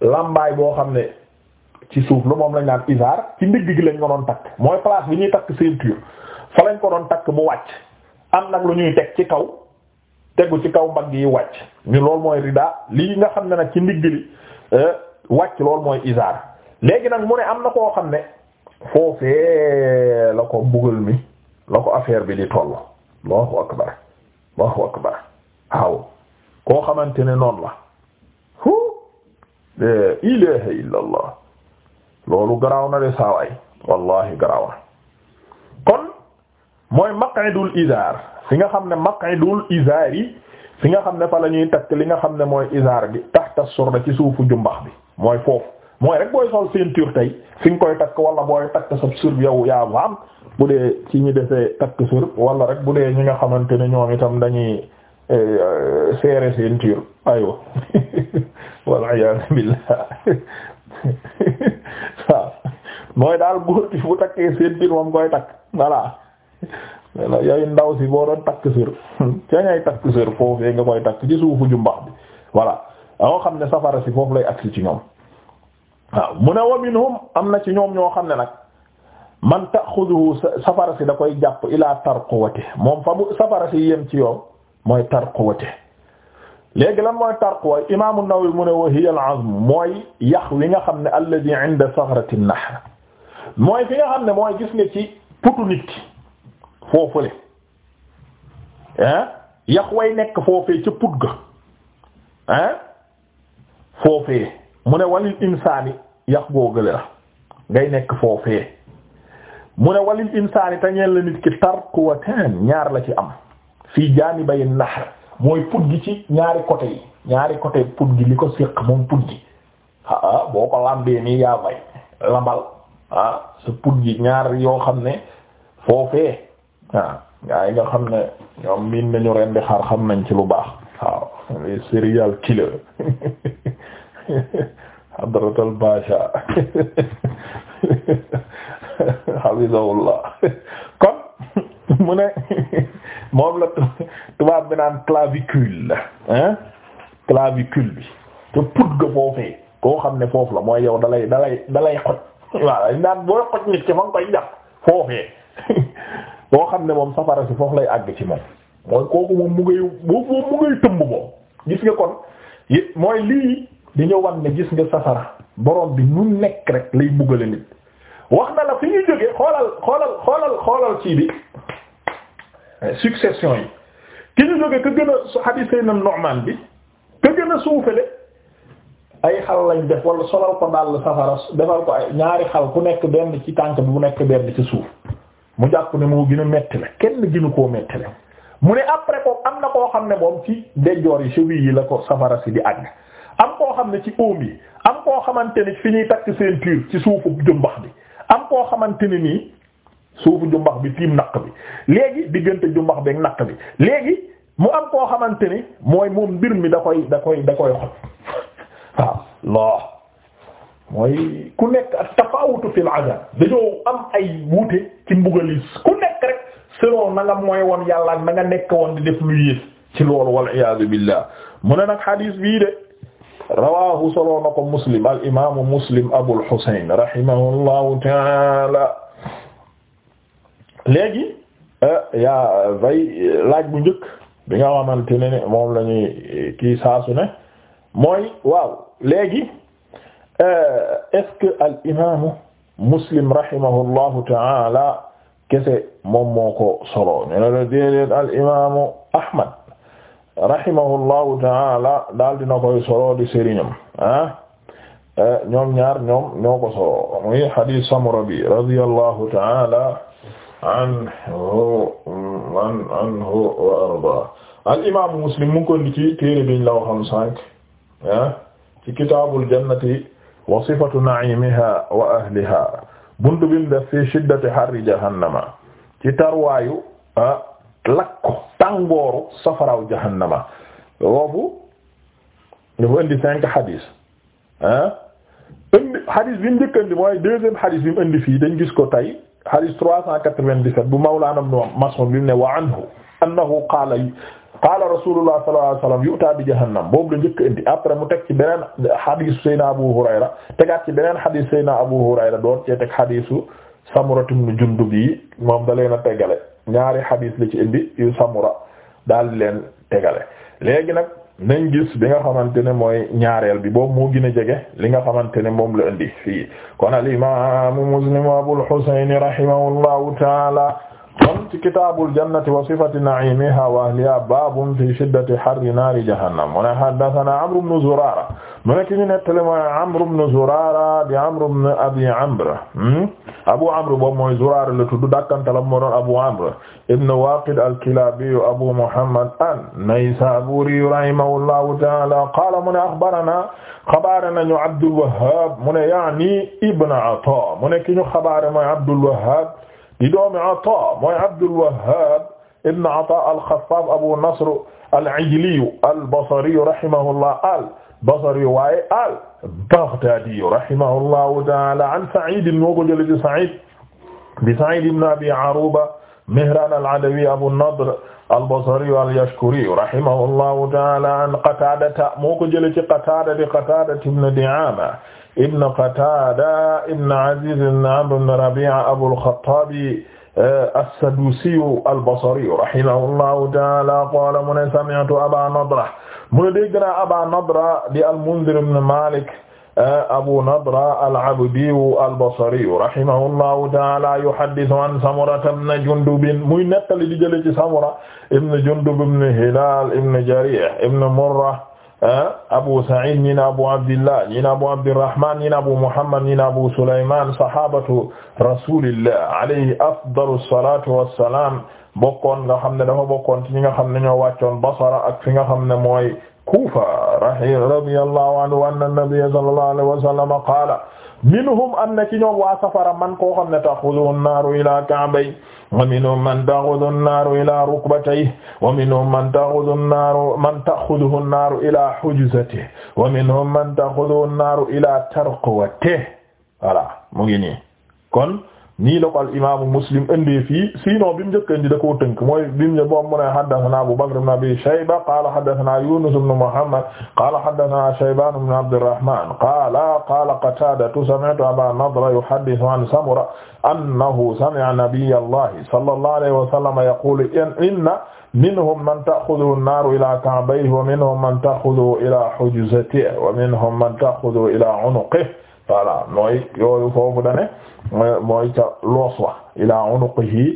làmbaay boo xam ne ci suuf lu moom lañ naan isaar ci ndigg gi lañ ko doon takk mooy place bi ñuy takk ceinture fa lañ ko doon takk bu wàcc am nag lu ñuy teg ci kaw tegu ci kaw mbagg yi wàcc ñu loolu mooy rida lii nga xam ne nag ci ndigg li wàcc loolu mooy isaar léegi nag mu ne am na koo xam ne foofee la ko mbugal mi la ko affaire bi di toll xamante ne noonu la hu la ilaha illa allah loolu garaaw na de saawaay wallahi garaaw kon mooy maq'idul izaar fi nga xam ne maq'idul izaar yi fi nga xam ne fa la ñuy takk li nga xam ne mooy izaar gi taxta surda ci suufu jumbax bi mooy foofu mooy rek booy sol ceinture tey fi nga koy takk wala booy takk sa surb yow yaa am bu dee ci ñi defee takk surb wala rek bu dee ñi nga xamante ne ñoom itam dañuy eh, euh, serrer ceinture aywa walla iyaatu billaah waaw mooy daal góor gi bu takkee ceinture moom koy takk voilà yooyu ndaw si boo doon takk sër ca ngay takk sër foofee nga koy takk ci suufu jumbax bi voilà a nga xam ne safara si foofu lay agsi ci ñoom waaw mu ne wa minhum am na ci ñoom ñoo xam ne nag man taxuduhu safara si da koy jàpp ilaa tarquwate moom fa mu safara si yem ci yoon mooy tarquwate léegi la mooy tarquwa imaam an-Nawawi mu ne wa hiya al-azm mooy yax wi nga xam ne alladhi 'inda saghrati an-nahr mooy fi nga xam ne mooy gis nga ci putu nit ki foofule ah yax way nekk foofee ca put ga ah foofee mu ne walil insaani yax boo gële la ngay nekk foofee mu ne walil insaani te ñeen la nit ki tarkuwatan ñaar la ci am fii jaanibay nahr mooy put gi ci ñaari côté yi ñaari côté put gi li ko séq moom put gi boo ko lambee nii yaa bay lambal sa put gi ñaar yoo xam ne foofee ah gaa nga xam ne ñoom miin nañu rendi xar xam nañ ci lu baax waaw les serial hadratal basha hafizahullah kon mu ne moom la tubaab bi naan clavicule hein clavicule bi te put ga foofee koo xam ne foofu la mooy yow dalay dalay dalay xoj waaw naan boo xoj nit ki fa nga koy jàpp foofee koo xam ne moom safara si foofu lay àgg ci moom mooy kooku moom mu ngay moom mu ngay tëmb moom gis nga kon mooy lii dañu wan ne gis nga safara borom bi nu nekk rek lay buggale nit wax na la fi ñuy jógee xoolal xoolal xoolal xoolal ci bi succession yi ki ñu jógee ka gën a hadith Seydina Nu'man bi ka gën a suufale ay xal lañ def wala solal ko dal safara defal ko ay ñaari xal ku nekk benn ci tànk bi mu nekk benn ci suuf mu jàpp ne moo gën a metti la kenn gënu koo metti la mu ne après ko am na koo xam ne moom ci déjjoor yi cheville yi la ko safara si di àgg am koo xam ne ci óom yi am koo xamante ni fi ñuy takk ceinture ci suufu jumbax bi am koo xamante ni nii suufu jumbax bi tiim naq bi léegi diggante jumbax bi ak naq bi léegi mu am koo xamante ni mooy moom mbir mi da koy da koy da koy xot waaw mooy ku nekk ak tafawutu fil am ay wuute ci mbugalis ku nekk rek selon na nga mooy woon yàlla ak na nga nekk won di def lu yées ci loolu wal iyaazu billah mu ne nag xadiis bii de rawaahu solo na ko muslim al imaamu muslim Abul Husayn rahimahullahu taala léegi eh, yaa bay laaj bu njëkk bi nga xamante ne moom la ñuy eh, kii saasu ne mooy waaw léegi eh, est-ce que al imaamu taala kese moom ko solo ñu ne la déedéet Ahmad. rahimahullahu taala daal dina koy solo di sëriñam ah eh, ñoom ñaar ñoom ñoo ko solo muy hadith Samura bi radiyallahu taala anhu anhu wa arda al imaamu Muslim mu ngi ko ndi ci téere biñ la waxoon sànq ah ci kitaabul jannati wa sifatu na'imiha wa ahliha buntu bi mu def fi shiddati harri jahannama ci tarwaayu ah lakko tàngooru safaraw jahannama boobu dafa indi cinq hadis ah indi hadis bi mu njëkk indi mooy deuxième hadis bi mu fii dañ gis ko tey hadis trois cent quatre-vingt-dix-sept bu mawlaana ibn Mas'ud bi mu ne wa anhu annahu qaala qaala rasulullah sallallahu alayhi wasallam yu'ta bi jahannam boobu la njëkk indi après mu teg ci beneen hadis Seydina Abu Hurayra tegaat ci beneen hadis Seydina Abu Hurayra door cee teg hadisu Samuratu ibn Jundub yi moom da leen a tegale ñaari xadiis la ci indi yu samura daal leen tegale léegi nag nañ gis bi nga xamante ne mooy ñaareel bi boobu moo gën a jege li nga xamante ne moom la indi fii kon al imaamu muslim abul husayn rahimahullahu taala kon ci kitaabul jannati wa sifati na'iimihaa wa ahlihaa baabun fi shiddati harri naari jahannam wa haddathanaa amru bnu zuraara mu nekk ñu nettali mooy Amr ibn Zurara di Amr ibn Abi Amr hmm? Abu Amr boobu mooy Zurara la tudd dakkantalam moo doon Abu Amr ibn Waqid al-Kilabi Abu Muhammad an-Naysaburi rahimahullahu ta'ala qala mu ne akhbarana xabaare nañu Abdul Wahhab mu ne yaani Ibn Ata mu ne ki ñu xabaare mooy Abdul Wahhab di doomi Ata mooy Abdul Wahhab ibn Ata al-Khaffaf Abu Nasr al-Ijli al-Basri rahimahullah Basri waaye al-Baghdadi rahimahullahu ta'ala an Sa'id moo ko jëlee ci Sa'id bi Sa'id ibn Abi Aruba Mihran al-Adawi Abu Nadr al-Basri al-Yashkuri rahimahullahu ta'ala an Qatada moo ko jëlee ci Qatada di Qatada ibn Di'ama ibn Qatada ibn Aziz ibn Amr ibn Rabi'a Abu al-Khattab eh, as-Sadusi al-Basri rahimahullahu ta'ala qala man sami'tu Aba Nadra mu ne dégg naa Aba Nadra di al-Mundhir ibn Malik eh, Abu Nadra al-Abdi al-Basri rahimahullahu ta'ala yuhaddithu an Samura ibn Jundub muy nettali di jële ci Samura ibn Jundub ibn Hilal ibn Jarih ibn Murrah Ah, Abu Sa'id ñi ne Abu Abdillah ñi ne Abu Abdirrahman ñi ne Abu Muhammad ñi ne Abu Sulayman sahabatu rasulillah alayhi afdalu salatu wassalam bokkoon nga xam ne dafa bokkoon ci ñi nga xam ne ñoo wàccoon Basra ak fi nga xam ne mooy Kufa radiyallahu anhu anna nabiyya sallallahu alayhi wa sallam qaala minhum am na ci ñoom waa safara man koo xam ne taxudu naaru ila ka'bay wa minhum man taxudu naaru ila rukbatay wa minhum man taxudu naaru man taxudu naaru ila hujzati wa minhum man taxudu naaru ila tarqwati voilà mu ngi nii kon nii la ko al imaamu muslim indee fii sinon bi mu njëkk indi da koo tënk mooy bi mu ne moom mu ne haddathana Abu Bakr ibn Abi Shayba qaala haddathana Yunus ibn Muhammad qaala haddathana Shaybaan ibn Abdirrahmaan qaala qaala Qataadatu sami'tu Abaa Nadra yuhaddithu an Samura annahu sami'a nabiyyallahi sallallahu alayhi wa sallam yaqulu inna minhum man ta'khudhuhu an-naaru ilaa ka'bayhi wa minhum man ta'khudhuhu ilaa hujzatihi wa minhum man ta'khudhuhu ilaa 'unuqihi voilà mooy yooyu foofu dane mooy ca loos wa ilaa unuqihi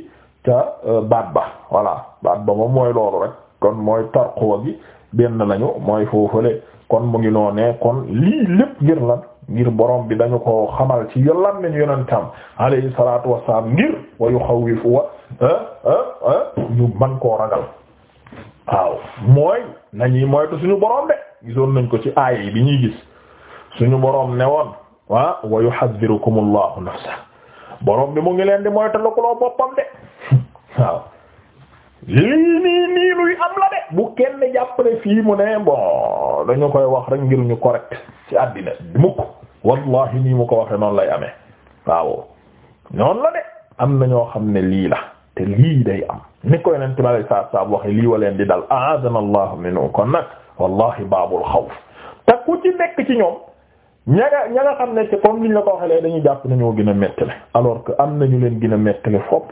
ca euh, baat ba voilà baat ba moom mooy loolu rek kon mooy tarquwa gi benn lañu mooy foofale kon mu ngi noonee kon lii lépp ngir lan ngir borom bi dañu ko xamal ci yollan nañu yonentam alayhi salaatu wassalaam ngir wa yuxawwifu wa euh, euh, ñu man koo ragal waaw mooy nañuy moytu suñu borom de gisoon nañ ko ci aaya yi bi ñuy gis suñu borom ne woon wa wa yuhadhirukum allahu nafsa borom bi mu ngi leen di mooy talakuloo boppam de waaw lii nii nii luy am la de bu kenn jàpp ne fii mu ne bon dañu koy wax rek ngir ñu correct ci àddina mukk wallahi nii mu ko waxee noonu lay amee waaw noonu la de am na ñoo xam ne lii la te lii day am ni koy neen timalay saab saab waxe lii wa leen di dal a'adana allah minhu kon nag wallahi baabul xawf te ku ci nekk ci ñoom ña nga ña xam ne ci comme liñ la ko waxee léegi dañuy jàpp nañoo ñoo gën a mettale alors que am nañu leen gën a mettale fopp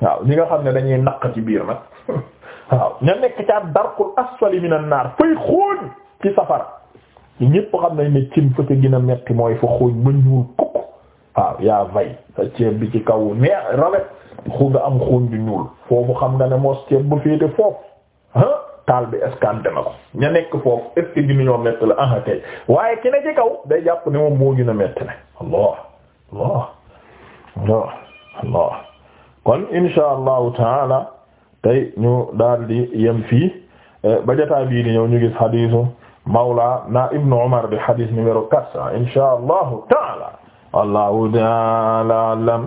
waaw nga xam ne dañuy naq ci biir nag waaw ña nekk ca darkul asfali minan naar fay xóoñ ci safara ñépp xam nañ ne metti mooy ba ceeb bi ci kaw am xóoñ bi ñuul foofu xam nga ne mos ceeb ba féete foofu ah taal bi escanté na ko ña foofu est ce ñoo métti la ah kay waaye ki ne ci kaw day jàpp ne moom moo gën a métti allah allah kon insha taala tey ñu daal di yem fii eh, ba jotaay bii ñu gis hadisu mawla na ibnu umar bi hadis numéro quatre cent insha allahu taala allahu taala alam